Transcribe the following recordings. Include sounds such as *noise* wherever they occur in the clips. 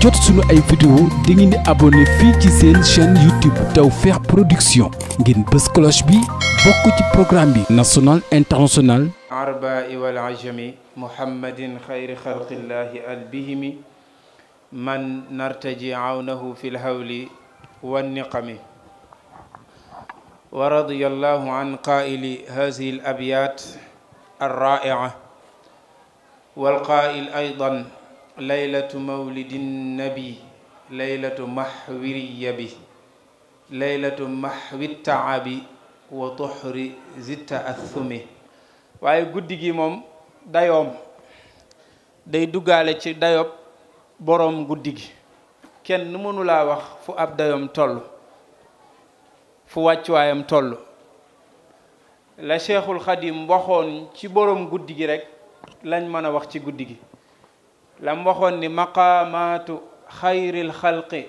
jot suñu ay vidéo da ngeen di abonné fii ci seen chaîne YouTube Tawfekh Production ngeen bës cloche bi bokk ci programme bi national international arbai walajami muhammadin xayri man nartaji awnahu fi lhawli wanniqami wa radiya allahu an qaili hadihi alabyat alraica walqail laylatu mawlidin nabi laylatu maxwiriya bi laylatu maxwi taabi wa toxri zitta athumi waaye guddi gi moom dayoom day duggaale ci dayob boroom guddi gi kenn mënulaa wax fu ab dayoom toll fu wàccuwaayam toll la cheikhul xadim waxoon ci boroom guddi gi rekk lañ mën a wax ci guddi gi lam waxoon ni maqaamaatu xayril xalqi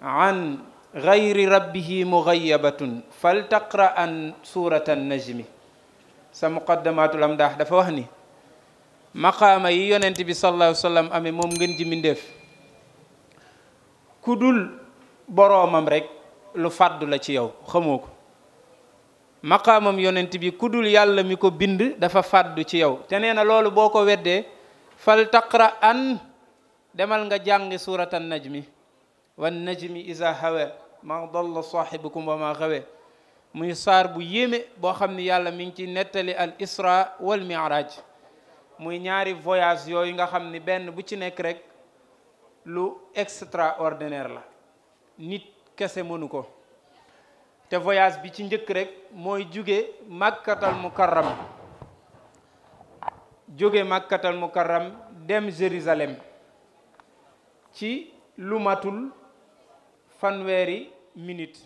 an gayri rabbihi mugayabatun fal taqra an surata najmi sa muqaddamaatu lam daax dafa wax ni maqaama yi yonent bi sallallahu sallam amee moom ngeen ji mbindéef ku dul boroomam rekk lu fàddu la ci yow xamoo ko maqaamam yonent bi ku yàlla mi ko bind dafa fàddu ci yow te nee na loolu boo ko weddee fal taqra an demal nga jàngi suurata najmi wan najmi isa hawa ma dalla saahibukum wa ma xawe muy saar bu yéeme boo xam ni yàlla mi ngi ci nettali al isra wal miraj muy ñaari voyage yooyu nga xam ni benn bu ci nekk rek lu extraordinaire la nit kese mënu ko te voyage bi ci njëkk rek mooy jóge màkkatal mukarram jóge màkkatal mukarram dem Jérusalem ci lu matul fanweeri minit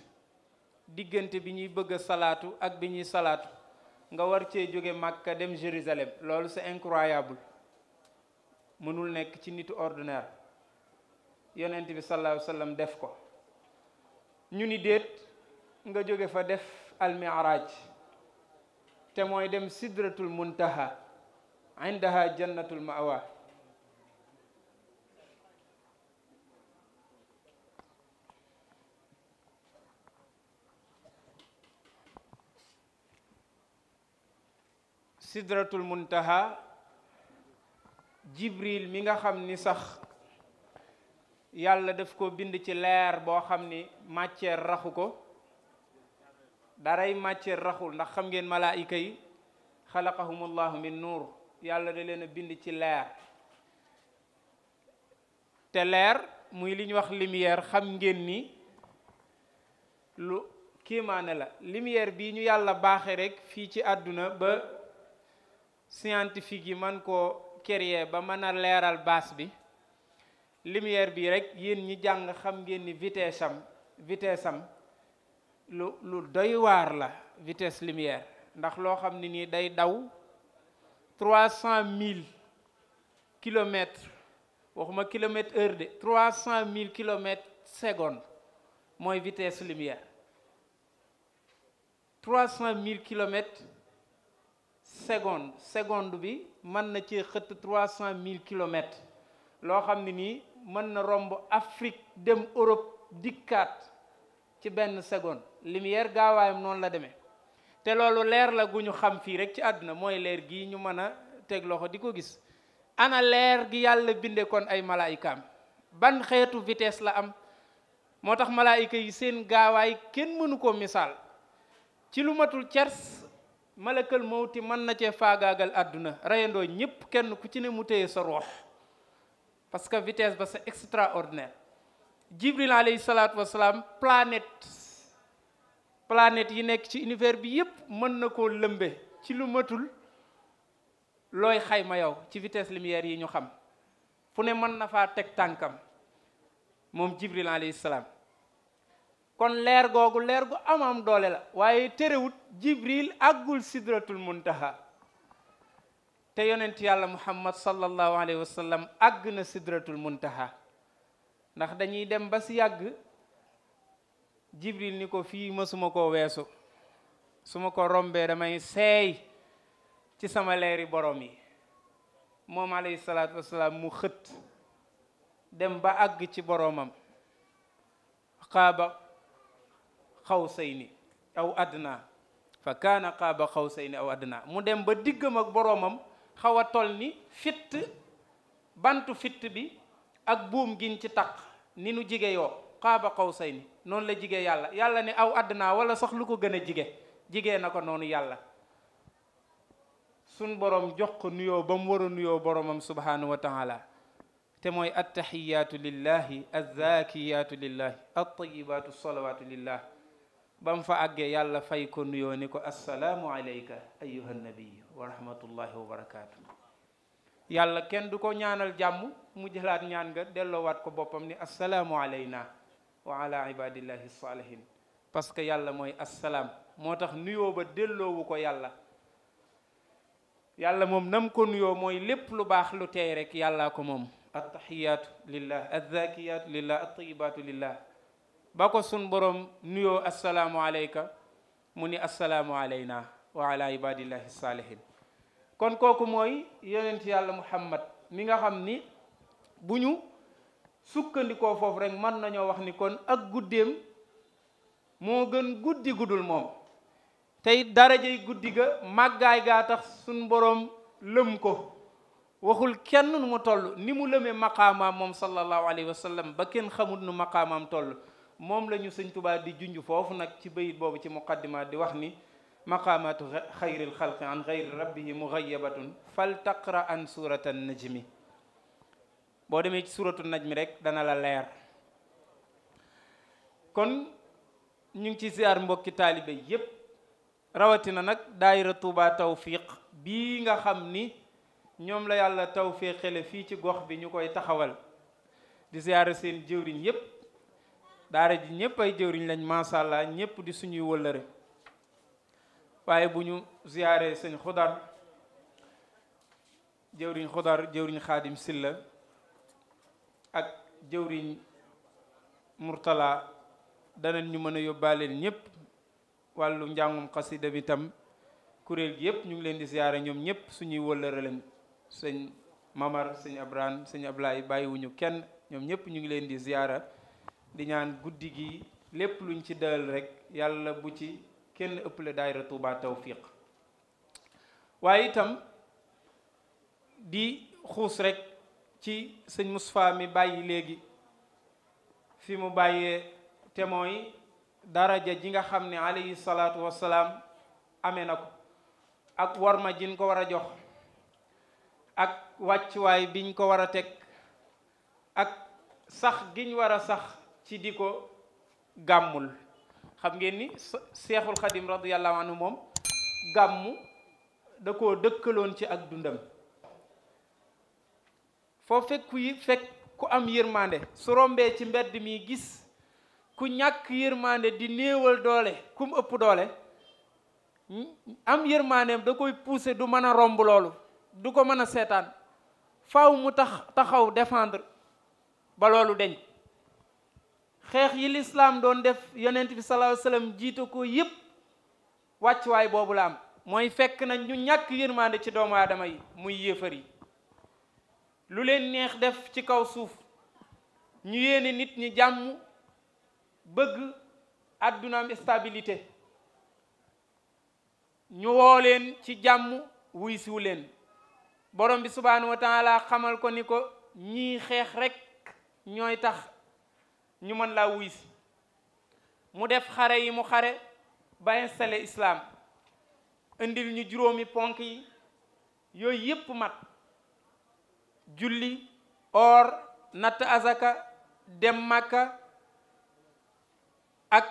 diggante bi ñuy bëgg a salaatu ak bi ñuy salaatu nga war cee jóge màkka dem Jérusalem loolu c'est incroyable mënul nekk ci nitu ordinaire yonent bi sallallahu alayhi def ko ñu ni déet nga jóge fa def almiraaj te mooy dem sidratul muntaha indaha jannatul ma'wa sidratul muntaha jibril mi nga xam ni sax yàlla daf ko bind ci leer boo xam ni matière raxu ko daray matière raxul ndax xam ngeen malaayika yi xalaqahumullahu min nuur yàlla da leen a bind ci leer te leer muy li ñu wax lumière xam ngeen ni lu kiimaane la lumière bi ñu yàlla baaxe rekk fii ci àdduna ba scientifique yi man koo créer ba mën a leeral baas bi lumière bi rekk yéen ñi jàng xam ngeen ni vitesse am lu lu doy waar la vitesse lumière ndax loo xam ne nii day daw trois cent mille kilomètres waxuma kilomètre heure de trois cent mille kilomètres seconde mooy vitesse lumière trois cent mille kilomètres seconde seconde bi mën na ci xëtt trois cent mille kilomètre loo xam ne nii mën na romb Afrique dem Europe dikkaat ci benn seconde lumière gaawaayam noonu la demee te loolu leer la gu ñu xam fii rek ci àdduna mooy leer gii ñu mën a teg loxo di ko gis ana leer gi yàlla binde kon ay malaayikaam ban xeetu vitesse la am moo tax malaayika yi seen gaawaay kenn mënu ko misaal ci lu matul cers malakal mawti mën na cee faagaagal àdduna rayandoo ñépp kenn ku ci ne mu téye sa ruux parce que vitesse ba c'est extraordinaire jibril alayhi salaatu wasalaam planète yi nekk ci univers bi yépp mën na ko lëmbe ci lu matul looy xayma yow ci vitesse lumière yi ñu xam fu ne mën na faa teg tànkam moom jibril alayhi salaam kon leer googu leer gu am am doole la waaye terewut jibril àggul sidratul muntaha te yonent yàlla muhammad sallallahu alayhi wa sallam àgg na sidratul muntaha ndax dañuy dem ba si yàgg jibril ni ko fii mësuma koo weesu su ma ko rombee damay seey ci sama leeri borom yi moom alayhi salaatu wasalaam mu xët dem ba àgg ci boroomam xaaba xaw ni aw àddina fa kaana xaaba ni aw adna mu dem ba diggam ak boroomam xaw a tol ni fitt bantu fitt bi ak buum giñ ci taq ni nu jige yoo xaaba qawsayni noonu la jige yàlla yàlla ne aw àddina wala sax lu ko gën a jige jige na ko noonu yàlla sun borom jox ko nuyoo ba mu war a nuyoo boromam subhanahu wa taala te mooy attahiyaatu lillahi azzakiyaatu lillahi attayibaatu salawaatu lillah ba mu fa àggee yàlla fay ko nuyoo ni ko assalaamu alayka ayuha nabiyu wa wa barakaatu yàlla kenn du ko ñaanal jàmm mu jëlaat ñaan nga delloowaat ko boppam ni assalaamu alayna wa ala ibadillahi salihin parce que yàlla mooy assalaam moo tax nuyoo ba delloowu ko yàlla yàlla moom nam ko nuyoo mooy lépp lu baax lu teey rek yàllaa ko moom attaxiyaatu lillah azzakiyaatu lillah attayibaatu lillah ba ko sun boroom nuyoo assalaamu aleyka mu ni assalaamu aleyna wa ala ibadillahi salihin kon kooku mooy yonent yàlla muhammad mi nga xam ni bu ñu sukkandikoo foofu rek mën nañoo wax ni kon ak guddeem moo gën guddi guddul moom tey darajay guddi ga màggaay gaa tax suñ boroom lëm ko waxul kenn nu mu toll ni mu lëmee maqaamaam moom sallallahu alayhi wa sallam ba kenn xamut nu maqaamaam toll moom lañu ñu sëñ di junj foofu nag ci bayit boobu ci muqaddimaat di wax ni maqaamaatu xayril xalqi an xayri rabbihi mugayabatun fal taqra an najmi boo demee ci suratu naj mi rek dana la leer kon ñu ngi ci ziar mbokki taalibe yépp rawatina nag daayira Touba Tawfiq bii nga xam ni ñoom la yàlla tawfiqale fii ci gox bi ñu koy taxawal di ziar seen jëwriñ yépp daara ji ñépp ay jëwriñ lañ macha allah ñépp di suñuy wëllëre waaye bu ñu ziaree sëñ xudar jëwriñ xudar jëwriñ xaadim silla ak jëwriñ Murtala danañ ñu mën a yóbbaaleel ñëpp wàllu njàngum xasida bi tam kuréel gi yëpp ñu ngi leen di siyaare ñoom ñëpp suñuy wëllëre leen sëñ Mamar sëñ Abraham sëñ Ablaye bàyyiwuñu kenn ñoom ñëpp ñu ngi leen di siyaara di ñaan guddi gi lépp luñ ci dalal rek yàlla bu ci kenn ëpple daayira Touba Tawfiq waaye itam di xuus rek ci sëñ Moustapha mi bàyyi léegi fi mu bàyyee témoin yi daraja ji nga xam ne alayhi salaatu wassalaam amee na ko ak warma jiñ ko war a jox ak wàccuwaay biñ ko war a teg ak sax giñ war a sax ci di ko gàmmul xam ngeen ni seexul xadim radiyallahu anhu moom gàmmu da ko dëkkaloon ci ak dundam foo fekk ku fekk ku am yërmande su rombee ci mbedd mi gis ku ñàkk yërmande di néewal doole ku mu ëpp doole hmm, am yërmandeem da koy puuse du mën a romb loolu du ko mën a seetaan faw mu tax taxaw défendre ba loolu deñ xeex yi lislaam doon def yonent bi sallallahu alayhi jiite ko yépp wàccuwaay boobu la am mooy fekk na ñu ñàkk yërmande ci doomu aadama yi muy yéefar yi lu leen neex def ci kaw suuf ñu yéene nit ñi jàmm bëgg àdduna am stabilité ñu woo leen ci jàmm wuy siwu leen borom bi subhanahu xamal ko ni ko ñii xeex rekk ñooy tax ñu mën laa wuy mu def xare yi mu xare ba installé islaam indil ñu juróomi ponk yi yooyu yépp mat julli or natt azaka dem makka ak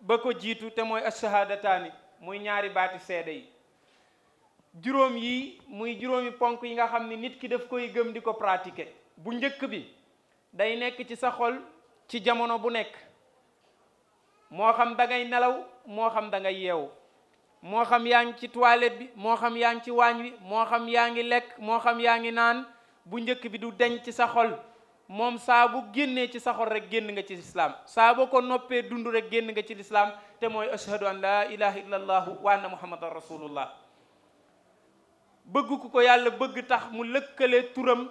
ba ko jiitu te mooy ashahadataani muy ñaari baati seede yi juróom yi muy juróomi ponk yi nga xam ni nit ki daf koy gëm di ko pratiquer bu njëkk bi day nekk ci sa xol ci jamono bu nekk moo xam da nelaw moo xam da ngay yeewu moo xam yaa ngi ci toilette bi moo xam yaa ngi ci waañ wi moo xam yaa ngi lekk moo xam yaa ngi naan bu njëkk bi du deñ ci sa xol moom saa bu génnee ci sa xol rek génn nga ci lislaam saa boo ko noppee dund rek génn nga ci lislaam te mooy ashhadu an laa ilaha illa allahu na anna muhammadan rasulullah bëgg ku ko yàlla bëgg tax mu lëkkale turam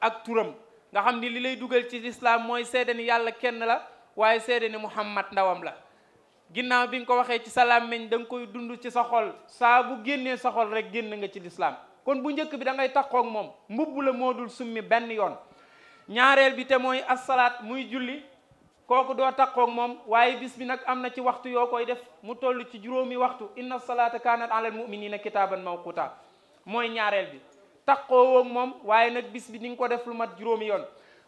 ak turam nga xam ni li lay dugal ci lislaam mooy seede ni yàlla kenn la waaye seede ni muhammad ndawam la ginnaaw bi nga ko waxee ci sa làmmiñ da nga koy dund ci sa xol saa bu génnee sa xol rek génn nga ci lislaam kon bu njëkk bi da ngay moom mbubb la moo dul summi benn yoon ñaareel bi te mooy salaat muy julli kooku doo takkoog moom waaye bis bi nag am na ci waxtu yoo koy def mu toll ci juróomi waxtu inna salaata kaanat alal muminina kitaaban mawquta mooy ñaareel bi takkoo waaye nag bis bi ni nga ko def lu mat juróomi yoon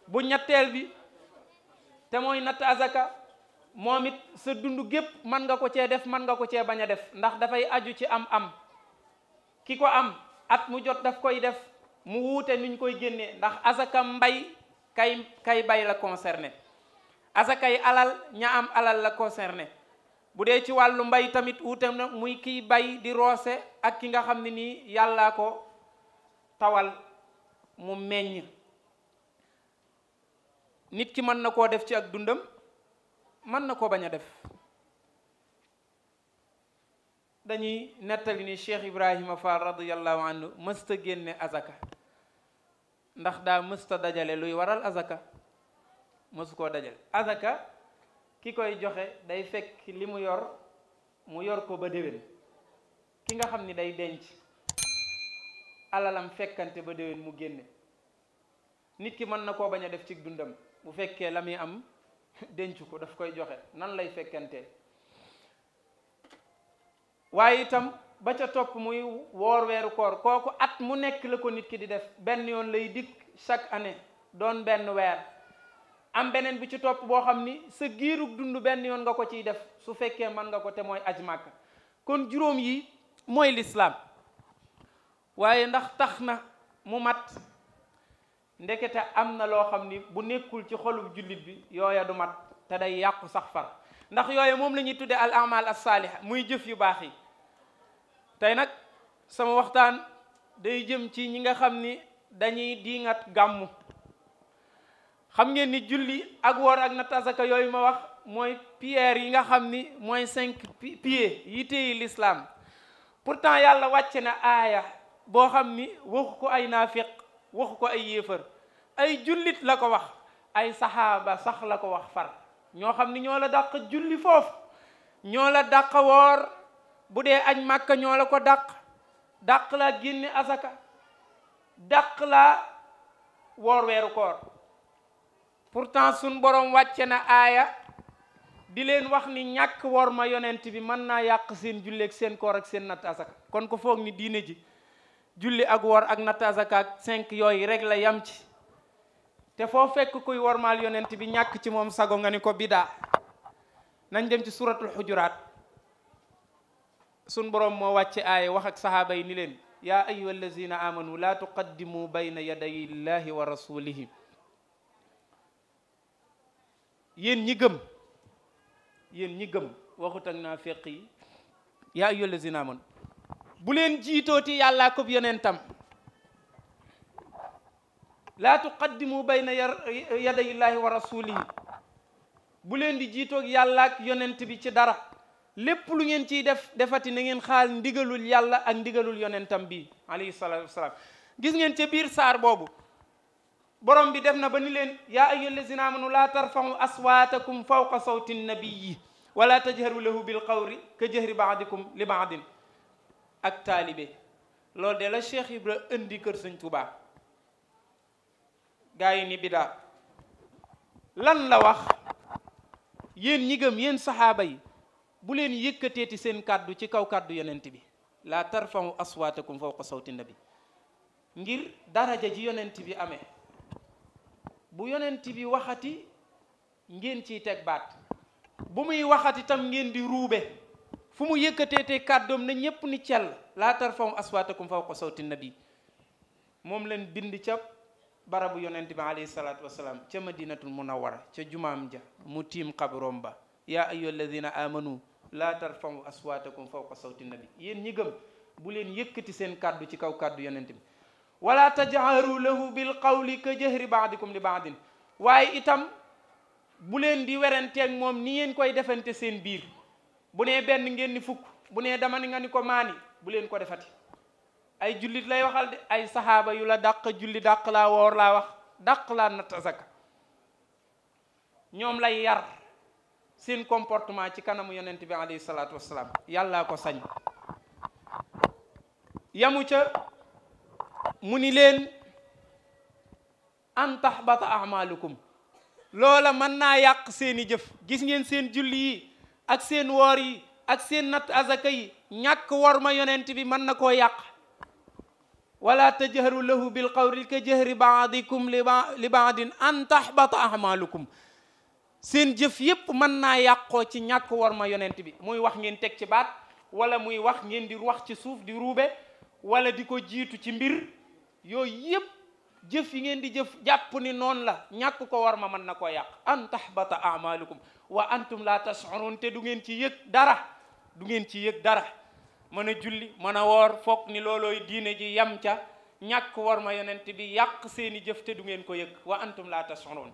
bu ñetteel bi te mooy natt azaka moom it sa dund gépp mën nga ko cee def mën nga ko cee bañ a def ndax dafay aju ci am am ki ko am at mu jot daf koy def mu wuute nuñ koy génnee ndax asaka mbay kay kay bay la concerné asakay alal ña am alal la concerné bu dee ci wàllu mbay tamit wuute na muy kiy bay di roose ak ki nga xam ne nii yàllaa ko tawal mu meññ nit ki mën na koo def ci ak dundam mën na koo bañ a def dañuy nettali ni Cheikh Ibrahima Fall radiyallahu anhu mësta génne asaka ndax daa mësta dajale luy waral asaka mësu koo dajale asaka ki koy joxe day fekk li mu yor mu yor ko ba déwén ki nga xam ni day denc alalam fekkante ba déwén mu génne nit ki mën na koo bañ a def ci dundam bu fekkee la muy am *laughs* denc ko daf koy joxe nan lay fekkante waaye itam ba ca topp muy woor weeru koor kooku at mu nekk la ko nit ki di def benn yoon lay dikk chaque année doon benn weer am beneen bi ci topp boo xam ni sa giirug dund benn yoon nga ko ciy def su fekkee mën nga ko te mooy aj màkk kon juróom yi mooy lislaam waaye ndax tax na mu mat ndekete am na loo xam ni bu nekkul ci xolub jullit bi yooya du mat te day yàqu sax far ndax yooya moom la ñuy tudde al amal as saaliha muy jëf yu baax yi tey nag sama waxtaan day jëm ci ñi nga xam ni dañuy diingat gàmmu xam ngeen ni julli ak woor ak natt asaka yooyu ma wax mooy pierre yi nga xam ni mooy cinq piliers yi lislaam pour pourtant yàlla wàcce na aaya boo xam ni waxu ko ay naafiq waxu ko ay yéefar ay jullit la ko wax ay saxaaba sax la ko wax far ñoo xam ni ñoo la dàq julli foofu ñoo la dàq woor bu dee añ màkka ñoo la ko dàq dàq laa génne asaka dàq laa woor weeru koor pourtant sun borom wàcce na aaya di leen wax ni ñàkk woor ma yonent bi mën naa yàq seen julleeg seen koor ak seen natt asaka kon ko foog ni diine ji julli ak woor ak natt asaka ak cinq yooyu rek la yam ci te foo fekk kuy wormaal yonent bi ñàkk ci moom sago nga ni ko bidaa nañ dem ci suratul xujuraat sun boroom moo wàcce aaya wax ak sahaaba yi ni leen yaa ayuha allazina amanu laa tuqaddimu bayna yaday illahi wa rasulihi yéen ñi gëm yéen ñi gëm waxut ak naa yi yaa ayuha allazina amanu bu leen jiitooti yàllaa kob yonentam laa tuqaddimu bayna yaday illahi wa rasulihi bu leen di jiitoog yàllaak yonent bi ci dara lépp lu ngeen ciy def defati na ngeen xaal ndigalul yàlla ak ndigalul yonentam bi alayhi salaatu wasalaam gis ngeen ca biir saar boobu borom bi def na ba ni leen yaa ayyuha allazina amanu laa tarfau aswaatakum fawqa sawti nabiyi wala tajharu lahu bil qawli ka jahri baadikum li baadin ak taalibe lool de la Cheikh Ibra indi kër Sëñ Tuubaa gaa ni bidaa lan la wax yéen ñi gëm saxaaba yi bu leen yëkkateeti seen kàddu ci kaw kàddu yonent bi laa tarfau aswaatakum fawqa sawti nabi ngir daraja ji yonent bi ame bu yonent bi waxati ngeen ciy teg baat bu muy waxati tam ngeen di ruube fu mu yëkkateetee kàddoom na ñépp ni cell laa tarfau aswaatakum fawqa sawti nabi moom leen bind ca barabu yonent bi ca ma wasalaam ca a war ca jumaam ja mu tiim xabroom ba yaa ayyuha alladina amanu laa tarfau aswaatakum fawqa sawti nabi yéen ñi gëm bu leen yëkkati seen kàddu ci kaw kàddu yonent bi wala tajharu lahu bil qawli ka jahri baadikum li baadin waaye itam bu leen di werenteeg moom ni ngeen koy defante seen biir bu ne benn ngeen ni fukk bu nee dama ni nga ni ko maani bu leen ko defati ay jullit lay waxal de ay saxaaba yu la dàq julli dàq la woor laa wax dàq laa natt asaka ñoom lay yar seen comportement ci kanam yonent bi alayhi salaatu wassalaam yàllaa ko sañ yamu ca mu ni leen an tahbata amalukum loola mën naa yàq seeni jëf gis ngeen seen julli yi ak seen woor yi ak seen natt azaka yi ñàkk wor ma yonent bi mën na koo yàq wala tajharu lahu bil qawli ka jahri baadikum li baadin an tahbata amalukum seen jëf yépp mën naa yàqoo ci ñàkk war ma yonent bi muy wax ngeen teg ci baat wala muy wax ngeen di wax ci suuf di ruube wala di ko jiitu ci mbir yooyu yépp jëf yi ngeen di jëf jàpp ni noon la ñàkk ko war ma mën na ko yàq an tahbata amalukum wa antum la tashurun te du ngeen ci yëg dara du ngeen ci yëg dara mën a julli mën a woor foog ni loolooy diine ji yam ca ñàkk war ma yonent bi yàq seeni jëf te du ngeen ko yëg wa antum la tashurun